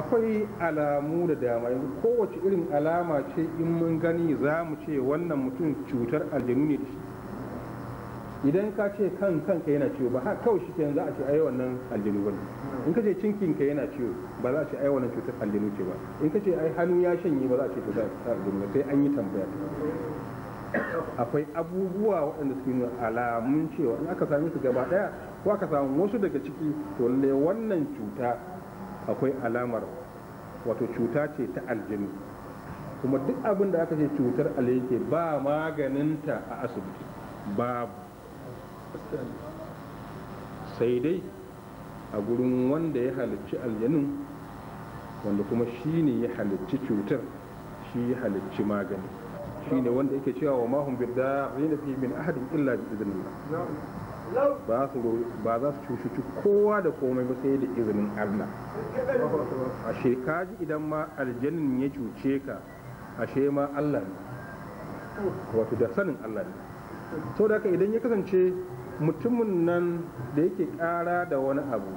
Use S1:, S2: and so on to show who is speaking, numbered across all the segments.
S1: akwai alamu da dama yanzu kowace irin alama ce in mun gani za mu ce wannan mutum cutar aljanu ne da shi idan ka ce kan kanka yana ciwo ba haka kawai shi ke za a ce ai wannan aljanu ba in ka ce cinkinka yana ciwo ba za a ce ai wannan cutar aljanu ce ba in ka ce ai hannu ya shanye ba za a ce cutar aljanu ba sai an yi tambaya akwai abubuwa waɗanda suke nuna alamun cewa in aka same su gaba ɗaya ko aka samu wasu daga ciki to lallai wannan cuta akwai alamar wato cuta ce ta aljini kuma duk abin da aka ce cutar alayyake ba maganinta a asibiti babu sai dai a gurin wanda ya halicci aljanin wanda kuma shi ne ya halicci cutar shi ya halicci magani shine wanda yake cewa wa mahum bidda'ina fi min ahadin illa bi idnillah ba su ba za su kowa da komai ba sai da izinin Allah ashe kaji idan ma aljannin ya cuce ka ashe ma Allah ne wato da sanin Allah ne to da idan ya kasance mutumin nan da yake kara da wani abu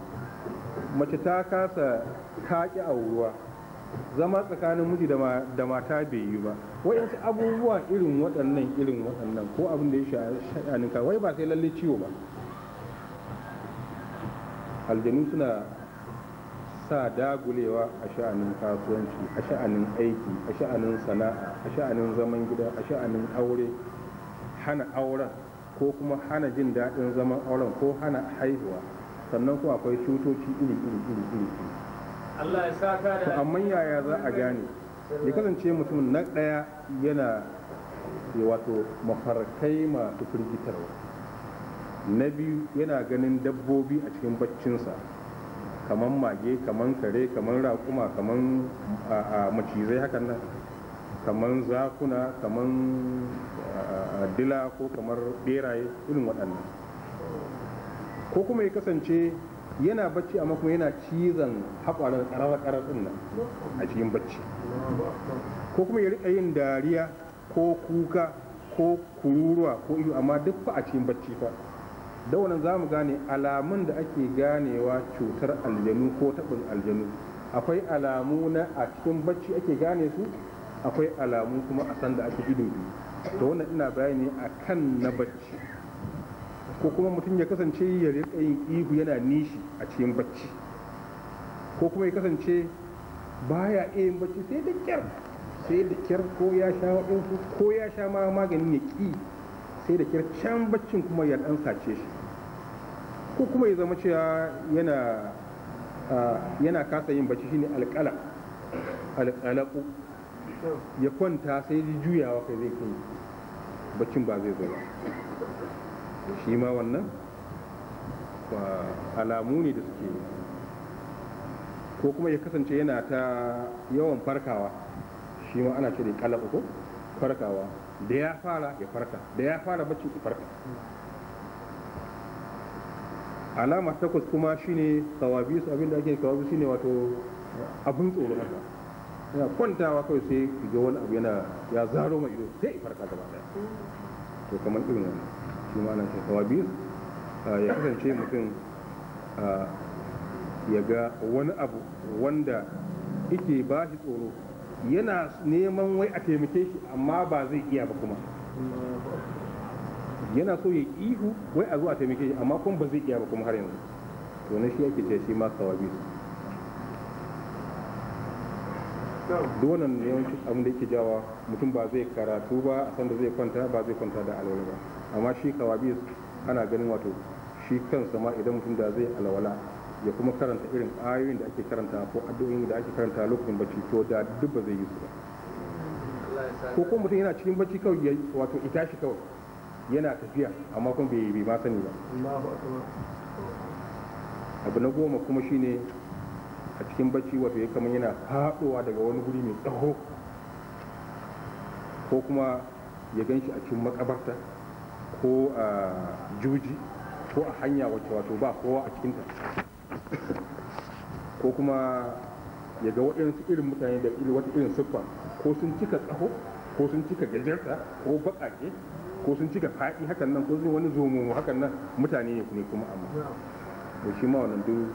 S1: mace ta kasa kaki a ruwa zama tsakanin miji da mata bai yi ba wayansu abubuwa irin waɗannan irin waɗannan ko abin da ya ka wai ba sai lalle ciwo ba aljanu suna sa dagulewa a sha'anin kasuwanci a sha'anin aiki a sha'anin sana'a a sha'anin zaman gida a sha'anin aure hana auren ko kuma hana jin daɗin zaman auren ko hana haihuwa sannan kuma akwai cutoci iri iri iri iri amma yaya za a gane ya kasance mutum na ɗaya yana wato mafarkai masu firgitarwa na biyu yana ganin dabbobi a cikin baccinsa kamar mage kamar kare kamar raƙuma kamar macizai hakan nan kamar zakuna kamar dila ko kamar beraye irin waɗannan ko kuma ya kasance yana bacci amma kuma yana cizon haƙwarar ƙarar ɗin nan a cikin bacci ko kuma ya riƙa yin dariya ko kuka ko kururuwa ko iyo amma duk fa a cikin bacci fa da wannan za mu gane alamun da ake ganewa cutar aljanu ko taɓin aljanu akwai alamu na a cikin bacci ake gane su akwai alamu kuma a sanda ake ido to wannan ina bayani akan na bacci ko kuma mutum ya kasance ya riƙa yin ihu yana nishi a cikin bacci ko kuma ya kasance baya iya yin bacci sai da kyar sai da kyar ko ya sha waɗansu ko ya sha ma maganin ya ƙi sai da kyar can baccin kuma ya ɗan sace shi ko kuma ya zama cewa yana yana kasa yin bacci shine alƙala alƙalaƙu ya kwanta sai ji juyawa kai zai kai baccin ba zai zo ba shi ma wannan alamu ne da suke ko kuma ya kasance yana ta yawan farkawa shi ma ana cire kala uku farkawa da ya fara ya farka da ya fara bacci ya farka alama takwas kuma shine kawabi su abinda ake kawabi shine wato abin tsoro haka yana kwantawa kawai sai ga wani abu yana ya zaro mai ido sai farka gaba daya to kamar irin wannan nan sawa biyu ah, ya kasance mutum ah, ya ga wani abu wanda yake ba shi tsoro yana neman wai a taimake shi amma ba zai iya ba kuma yana so ya ihu wai a zo a taimake shi amma kuma ba zai iya ba kuma har yanzu to na shi yake ce shi ma sawabi duk wannan yawancin abin da yake jawa mutum ba zai karatu ba a sanda zai kwanta ba zai kwanta da alwala ba amma shi kawabis ana ganin wato shi kansa ma idan mutum da zai alwala ya kuma karanta irin ayoyin da ake karanta ko addu'o'in da ake karanta lokacin bacci to da duk ba zai yi su ba ko kuma mutum yana cikin bacci kawai ya wato ita shi kawai yana tafiya amma kuma bai ma sani ba abu na goma kuma shine a cikin bacci wato ya kamar yana faɗowa daga wani guri mai tsaho ko kuma ya gan shi a cikin makabarta ko a juji ko a hanya wacce wato ba kowa a cikinta ko kuma ya ga waɗansu irin mutane da wata irin siffa ko sun cika tsaho ko sun cika gajarta ko baƙaƙe ko sun cika faɗi hakan nan ko sun wani zomo hakan nan mutane ne kuma amma shi ma wannan duk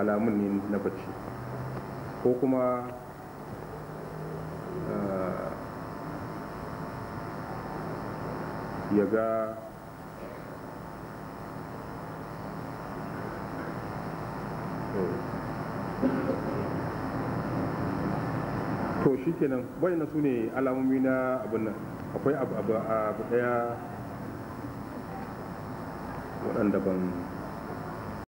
S1: alamun ne na bacci ko kuma eh, ya ga to shi kenan wayannan su ne alamomi na abin nan akwai abu daya waɗanda ban